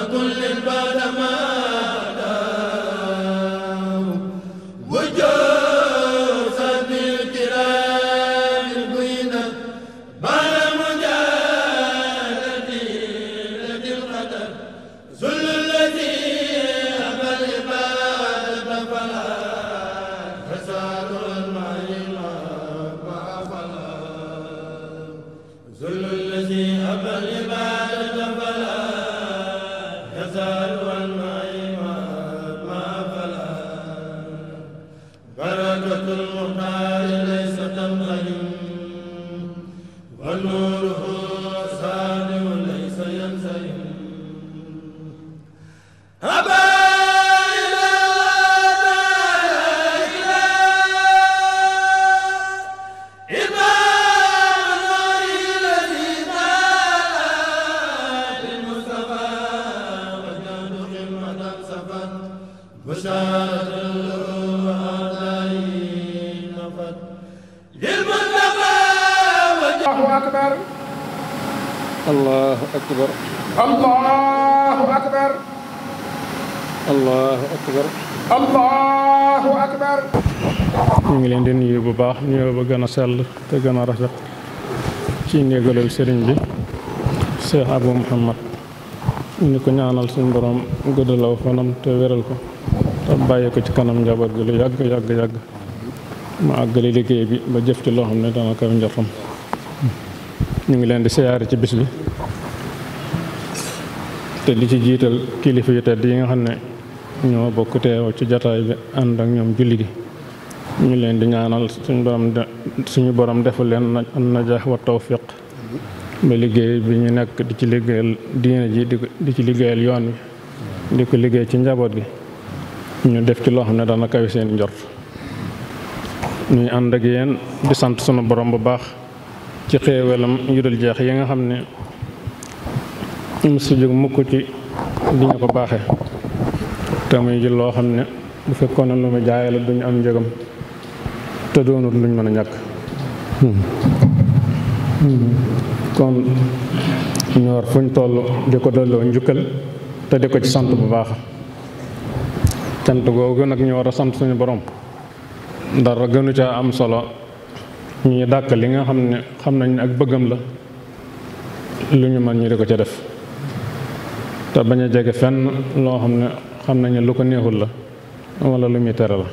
xalqul allahu akbar allahu akbar allahu akbar allahu akbar ñu ngi leen di nuyu bu baax nuyoo ba gën a sell te gën a rafet ci néegalal sëriñ bi Cheikh Abou Mouhamad ñu ko ñaanal suñu borom guddalaw fanam te wéral ko bàyyi ko ci kanam njaboot gi lu yàgg yàgg yàgg mu àggali liggéey bi ba jëf ci loo xam ne dana ngi leen di siyaare ci bis bi te di ci jiital kilifa yu tedd yi nga xam ne ñoo bokk teew ci jataay bi ànd ak ñoom julli gi ñu leen di ñaanal suñu borom suñu borom defal leen an najaax wa tawfiq ba liggéey bi ñu nekk di ci liggéeyal diine ji di ci liggéeyal yoon wi di ko liggéey ci njaboot bi ñu def ci loo xam ne dana kawe seen njort ñuy ànd ak yéen di sant sunu borom bu baax ci xéewalam yu dul jeex yi nga xam ne mësu jóg mukk ci di ñu ko baaxe te muy ji loo xam ne bu fekkoon ne lu mu jaay duñu am njëgam te doonut luñ mën a ñàkk kon ñu war fuñ toll di ko delloo njukkal te di ko ci sant bu baax cant googu nag ñu war a sant suñu borom dara gënu caa am solo ñuy dàkk li nga xam ne xam nañ ne ak bëggam la lu ñu mën ñu di ko ca def te bañ a jege fenn loo xam ne xam nañ ne lu ko neexul la wala lu muy tere la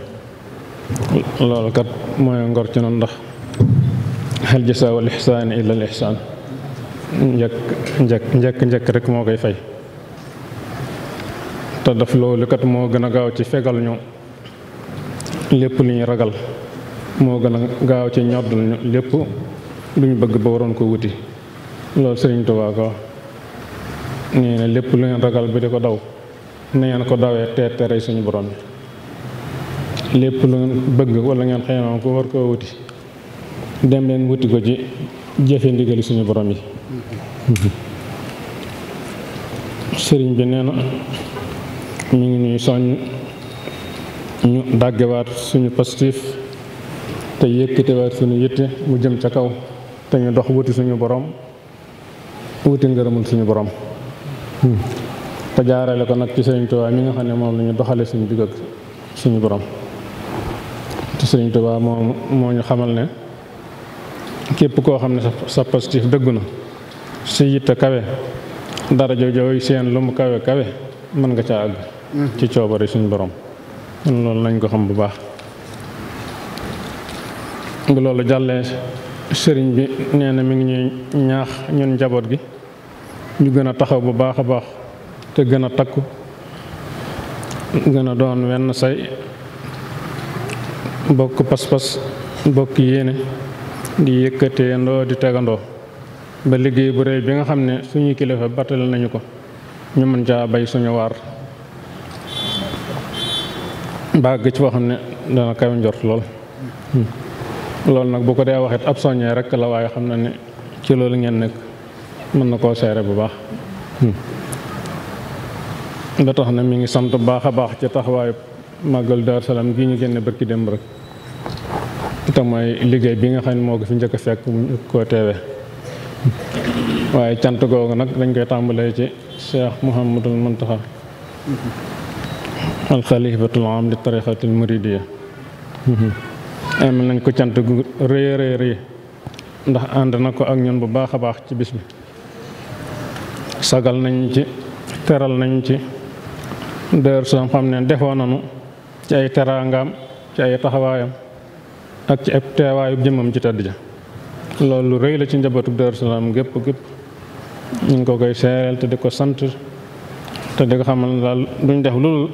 loolu kat mooy ngor ci noonu ndax xel jasa wal ixsaan illa al ixsaan njekk njekk njëkk rek moo koy fay te def loolu kat moo gën a gaaw ci fegal ñu lépp lu ñu ragal moo gën a gaaw ci ñoddal ñu lépp lu ñu bëgg ba waroon ko wuti loolu Sëriñ Tuubaa ko nee na lépp lu ngeen ragal bi di ko daw na ngeen ko dawee te tere suñu borom bi lépp lu ngeen bëgg wala ngeen xëyma ko war koo wuti dem leen wuti ko ci jëfe ndigali suñu borom yi mm-hmm. sëriñ bi nee na mi ngi nuy soññ ñu dàggewaat suñu pastif te yëkkatiwaat suñu yitte mu jëm ca kaw te ñu dox wuti suñu borom wuti ngërëmul suñu borom te jaarale ko nag ci Sëriñ Tuubaa mi xam ne moom la ñu doxale suñu digg suñu borom te Sëriñ moom moo ñu xamal ne képp koo xam ne sa pastif dëggu na si yitte kawe dara jooju seen lu mu kawe kawe mën nga ca àgg ci coobari suñ borom loolu lañ ko xam bu baax loolu jàllee sëriñ bi nee na mi ngi ñuy ñaax ñun njaboot gi ñu gën a taxaw bu baax a baax te gën a takku gën a doon wenn say bokk pas-pas bokk yéene di yëkkatee ndoo di tegandoo ba liggéey bu rëy bi nga xam ne suñu kilifa battale nañu ko ñu mën caa bay suñu waar ba àgg ci boo xam ne dana kawe njort lool hmm. loolu nag bu ko dee waxit ab soññee rek la waaye xam na ne ci loolu ngeen nekk mën na koo seere bu baax hmm. ba tax na mi ngi sant bu baax a baax ci taxawaayu màggal Daaru Salaam gii ñu génne ki démb rek te mooy liggéey bi nga xam ne moo ko fi njëkk a fekk mu koo teewee hmm. waaye cant googu nag dañ koy tàmbalee ci Cheikh Mouhamadul Muntaxa alxalifatul am li tarixatil muridiya amal nañ ko cant gu rëy rëy rëy ndax ànd na ko ak ñun bu baax a baax ci bis bi sagal nañ ci teral nañ ci dër soo xam ne defoo nanu ci ay teraangaam ci ay taxawaayam ak ci eb teewaayu jëmmam ci tëdd ja loolu rëy la ci njabootu Daaru Salaam gépp gépp ñu ngi ko koy seereel te di ko sant te di xamal na daal duñ def loolu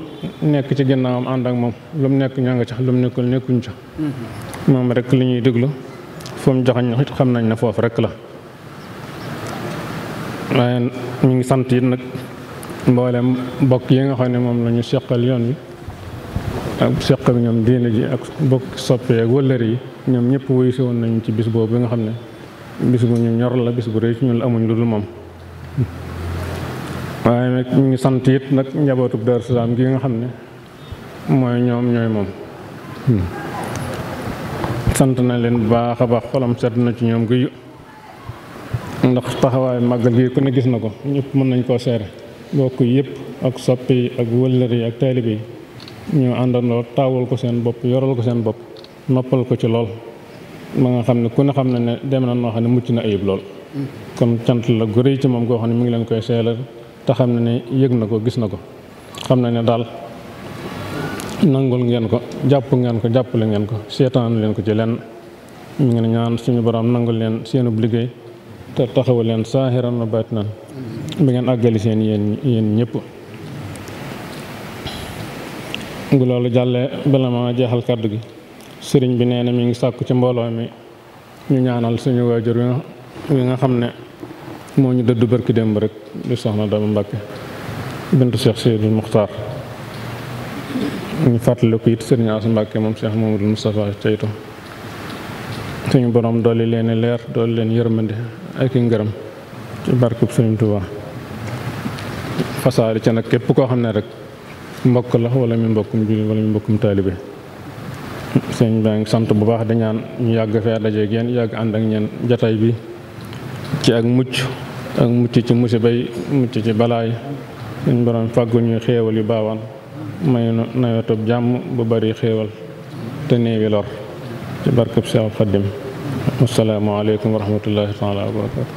nekk ci ginnaawam ànd ak moom lu mu nekk ña nga ca lu mu nekkul nekkuñu ca mm-hmm. moom rek li ñuy déglu fu mu xam nañ ne foofu rek la waaye ñu ngi sant it nag mboolem bokk yi nga xam ne moom la ñu seqal yoon wi ak seq bi ñoom diine ji ak bokk soppee ak wëllëri yi ñoom ñëpp wuy woon nañu ci bis boobu bi nga xam ne bis bu ñu ñor la bis bu rëy ci ñun la amuñ lu dul moom waaye nag ñu ngi sant yit nag njabootu Daaru Salaam gi nga xam ne mooy ñoom ñooy moom sant na leen bu baax a baax xolam sedd na ci ñoom guyu ndax taxawaay màggal gi ku ne gis na ko ñëpp mën nañ koo seere bokk yëpp ak soppi yi ak wëllër yi ak taalibe yi ñoo àndandoo taawul ko seen bopp yoral ko seen bopp noppal ko ci lool ma nga xam ne ku ne xam ne ne dem na noo xam ne mucc na ayib lool mm. kon cant la gu rëy ci moom goo xam ne mu ngi leen koy seelal te xam na ne yëg na ko gis na ko xam na ne daal nangul ngeen ko jàpp ngeen ko jàppale ngeen ko seetaan leen ko ci leen mu ngi ñaan suñu borom nangul leen seenub liggéey te taxawal leen saaxiran baat baatinan bi ngeen àggali seen yéen yéen ñëpp loolu jàllee bala ma jeexal kàddu gi sëriñ bi nee na mi ngi sàkku ci mbooloo mi ñu ñaanal suñu waajur wi nga xam ne moo ñu dëdd barki démb rek di soxna Dama Mbàkke bintu Cheikh Seydou Muxtaar ñu fàttali ko it sëriñ Asu Mbàkke moom Cheikh Mamadou Moustapha Ceytu suñu borom dolli leen leer dolli leen yërmande ak i ngërëm ci barkeb Sëriñ Tuubaa fasaari ca nag képp koo xam ne rek mbokk la wala mu mbokkum julli wala mi mbokkum taalibe sëñ baa ngi sant bu baax dañaan ñu yàgg fee dajeeg yéen yàgg ànd ak ñeen jataay bi ci ak mucc ak mucc ci musibay mucc ci balaay suñ borom fàggu ñuy xéewal yu baawaan may nawetub jàmm bu bari xéewal te néewi lor ci barkab Seex Xaddim assalaamu aleykum wa rahmatullahi taala wa barakatu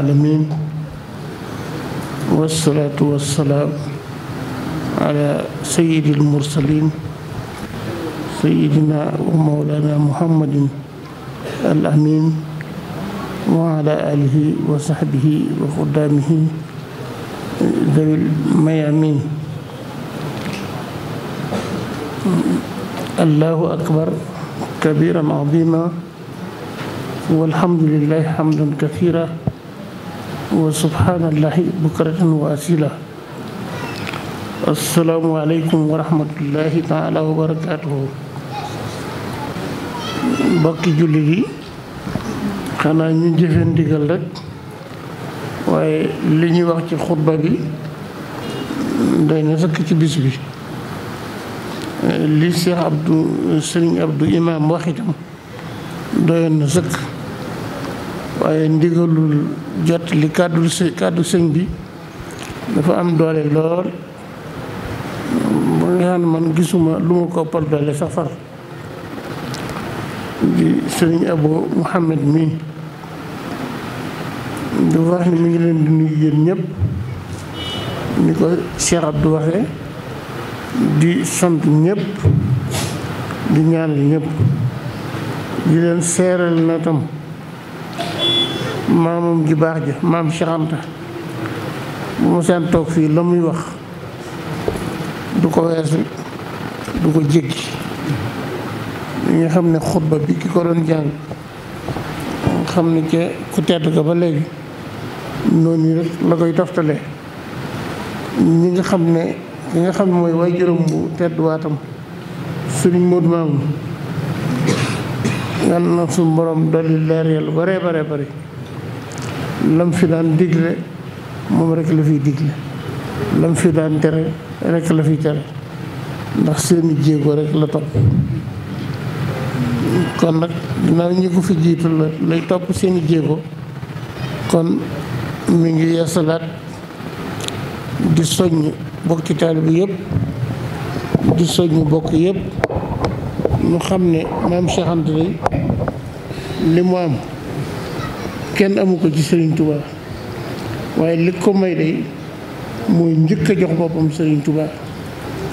aaudu wasalaatu wasalaam ala sayyidil mursalin sayyidina wa mawlana muhammadin al amin wa ala alihi wa sahbihi wa xuddaamihi dawil mayamin allahu akbar kabiran azima walhamdulillahi hamdan kathira wa subhanallahi bukratan wa asila aleykum wa rahmatullahi wa barakatuhu mbokki julli gi xanaa ñu jëfe ndigal rek waaye li ñuy wax ci xutba bi doy na sëkk ci bis bi li Cheikh Abdou Serigne Abdou Imam wax itam na sëkk waaye ndigalul jot li kàddul së kàddu sëñ bi dafa am doole lool ba nga xam ne man gisuma lu ma ko par doole di sëriñ Abo Mouhamed mii di wax ni ngi leen di nuyu yéen ñëpp ni ko Cheikh Abdou waxee di sant ñëpp di ñaanal ñëpp di leen seeral na tam maamam ju baax ja maam Cheikh bu mu seen toog fii la muy wax du ko weesu du ko jéggi li nga xam ne xutba bi ki ko doon jàng xam ne ke ku tedd ka ba léegi noonu koy toftale ñi nga xam ne ki nga xam ne mooy way juróom bu tedd waatam sëriñ Moodu Maamu yàlla na suñu borom dolli leer yàlla bare bare bare lam fi daan digle moom rek la fiy digle lam fi daan tere rekk la fi tere ndax seeni jéego rek la topp kon nag ginnaaw ñi ko fi jiitu la lay topp seeni jéego kon mu ngi yeesalaat di soññ bokki taalibe yépp di soññ bokk yëpp ñu xam ne maam Cheikh Anta li mu am kenn amu ko ci Serigne Touba waaye li ko may de mooy njëkk a jox boppam Serigne Touba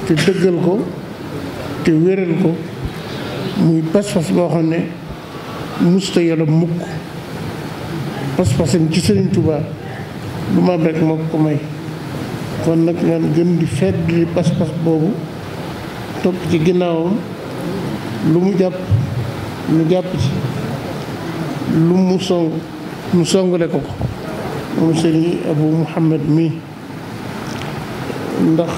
te dëggal ko te wéral ko muy pas-pas boo xam ne musta yolam mukk pas-pasam ci Serigne Touba lu ma am rek moo ko may kon nag naan gën di fedd di pas-pas boobu topp ci ginnaawam lu mu jàpp ñu jàpp ci lu mu song mu songale ko ko moom sëriñ abu muhammad mii ndax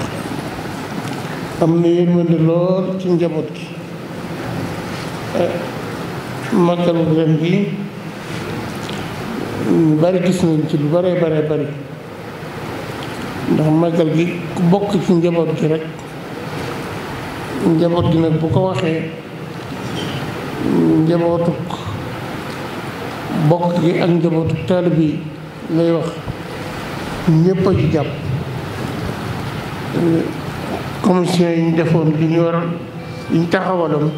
am na yërmande lool ci njaboot gi eh, màggalu ren gi ñu bari gis nañ ci lu baree baree bari ndax màggal gi ku bokk ci njaboot gi rek njaboot gi nag bu ko waxee njabootuk bokk gi ak njabootu taalib yi ngay wax ñëpp a ci jàpp commission yi ñu defoon li ñu waroon li ñu taxawaloon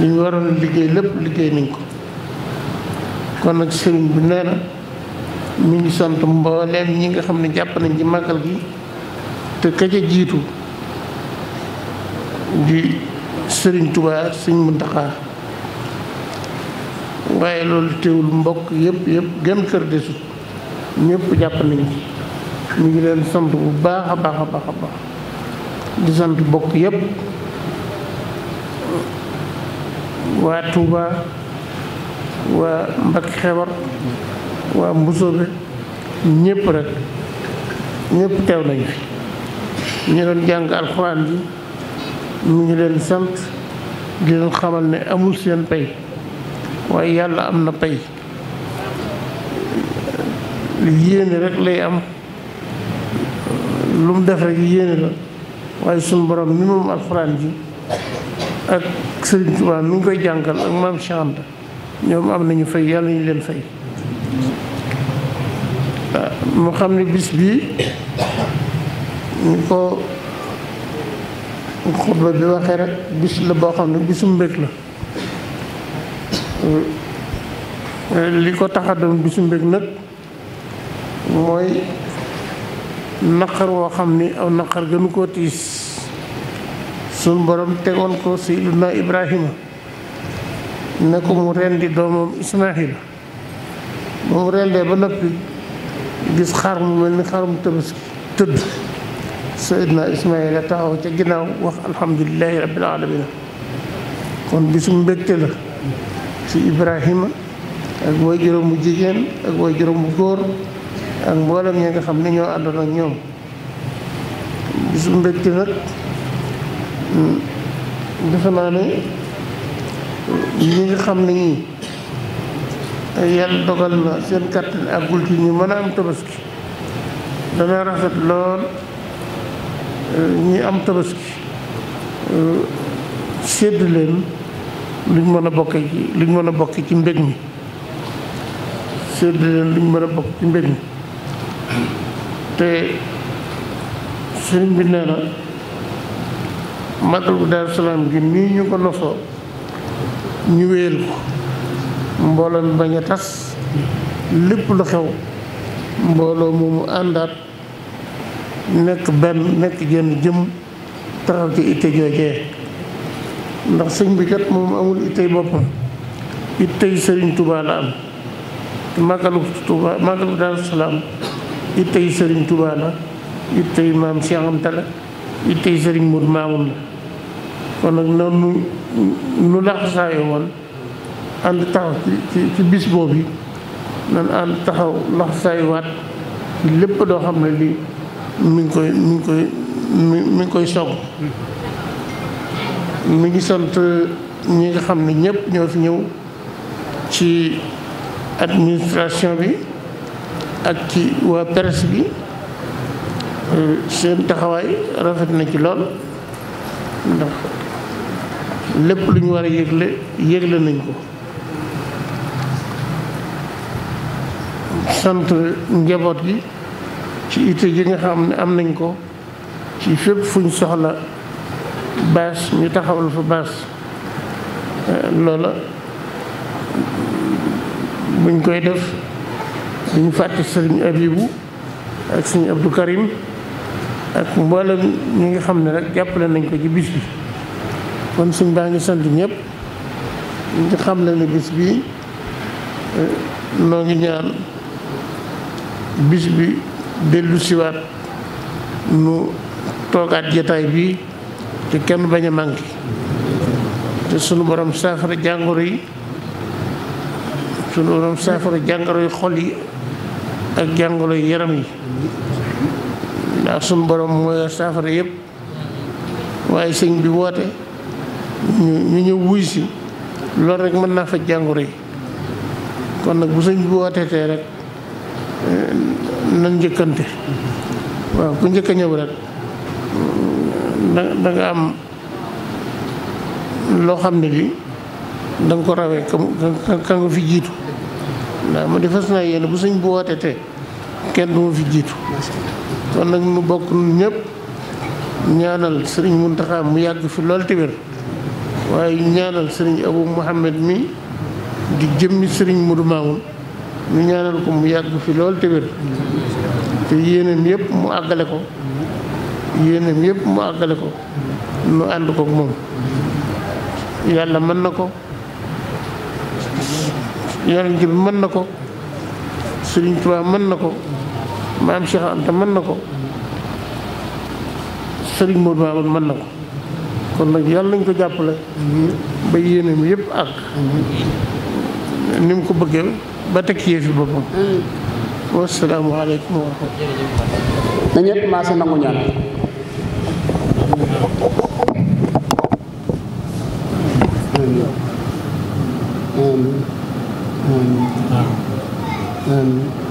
li ñu waroon liggéey lépp liggéey nañ ko kon nag sëriñ bi nee mu mi ngi sant mbooleem ñi nga xam ne jàpp nañ ci màggal gi te ka jiitu di sëriñ Tuubaa sëriñ Muntaxaa waaye loolu teewul mbokk yépp yëpp gën kër desut ñëpp jàpp nañ ci ñu ngi leen sant bu baax a baax a baax a baax di sant mbokk yépp waa Touba waa Mbacke Xewar waa Mbusobe ñépp rek ñëpp teew nañ ñu doon jàng alxuraan bi mu ngi leen sant di leen xamal ne amul seen pay waaye yàlla am na pay yéene rek lay am lu mu def rek yéene la waaye suñu borom mi moom alxuraan ji ak Sëriñ Tuubaa mi ngi koy jàngal ak maam Cheikh ñoom am nañu fay yàlla ñu leen fay mu xam ne bis bii ñu ko xutba bi waxee rek bis la boo xam ne bisum mbég la Euh, euh, li ko tax a doon bisu mbég naqar woo xam ni aw naqar gënu koo tiis suñ borom tegoon ko sayyiduna Ibrahima ne ko mu rendi doomam Ismaahil ba mu rendee ba noppi gis xar mu mel ni xarum tabaski tëdd sayyiduna Ismaahil taxaw ca ginnaaw wax alhamdulilahi rabbil alamina kon bisu mbégte la ci Ibrahima ak way juróom bu jigéen ak way juróom bu góor ak mboolem ñi nga xam ne ñoo àndoon ak ñoom bisu mbégte nag defe naa ne ñi nga xam ne ñii yàlla dogal na seen kàttan àggul ci ñu mën a am tabaski dana rafet lool eh, ñi am tabaski eh, sédd leen luñ mën a bokkee ci luñ mën a bokkee ci mbég mi sédd leen luñ mën a bokk ci mbég mi te sëriñ bi nee na màggal gu Daaru Salaam gi nii ñu ko nosoo ñu wéyal ko mbooloo mi bañ a tas lépp lu xew mbooloo moomu àndaat nekk benn nekk jenn jëm taxaw ci itte joojee ndax sëñ bi kat moom amul ittey boppam ittey sëriñ Touba am màggalu Touba màggalu Daaru Salaam ittey sëriñ Touba la ittey maam Cheikh Anta la ittey sëriñ Mour Mamoun la kon nag noonu nu laxasaayoo woon ànd taxaw ci ci bis boobu nan ànd taxaw laxasaayuwaat lépp doo xam ne lii mi ngi koy mi ngi koy mi ngi koy sog mi ngi sant ñi nga xam ne ñëpp ñoo fi ñëw ci administration bi ak ci waa presse bi euh, seen taxawaay rafet na ci lool lépp lu ñu war a yëgle yëgle nañ ko sant njaboot gi ci ité yi nga xam ne am nañ ko ci fépp fuñ soxla baas ñu taxawal fa baas eh, loola buñ koy def duñ fàtte sëriñ Abibu ak sëriñ Abdou Karim ak mboolem ñi nga xam ne rek jàppale nañ ko ci bis bi kon suñ baa ngi sant ñëpp ñu xam ne ne bis bi eh, noo ngi ñaan bis bi dellu siwaat nu toogaat jataay bi te kenn bañ a manqué te sunu borom saafara jàngoro yi sunu borom saafara jàngoro yi xol yi ak jàngoro yi yaram yi ndax sunu borom mooy saafara yëpp waaye sëñ bi woote ñu ñëw wuy si loolu rek mën naa fa jàngoro yi kon nag bu sëñ bi wooteetee rek eh, nan njëkkante waaw ku njëkk a ñëw rek. da nga am loo xam ne lii da nga ko rawee ka nga fi jiitu ndax ma di fas naa yéene bu suñ bu wootee te kenn du ma fi jiitu kon nag nu bokk ñëpp ñaanal sëriñ Muntaxa mu yàgg fi lool te wér waaye ñaanal sëriñ Abu Muhammad mi di jëmmi sëriñ Mudu Maamun ñu ñaanal ko mu yàgg fi lool te wér te yéeneen yëpp mu àggale ko yéenam yëpp mu àggale ko nu ànd kook moom yàlla mën na ko yonent bi mën na ko Sëriñ Tuubaa mën na ko maam Cheikh Anta mën na ko Sëriñ Moodu Maamun mën na ko kon nag yàlla nañ ko jàppale ba yéenam yëpp ak ni mu ko bëggee ba teg yee fi boppam mm. wassalaamu aleykum maa si nangu ñaan and, um, um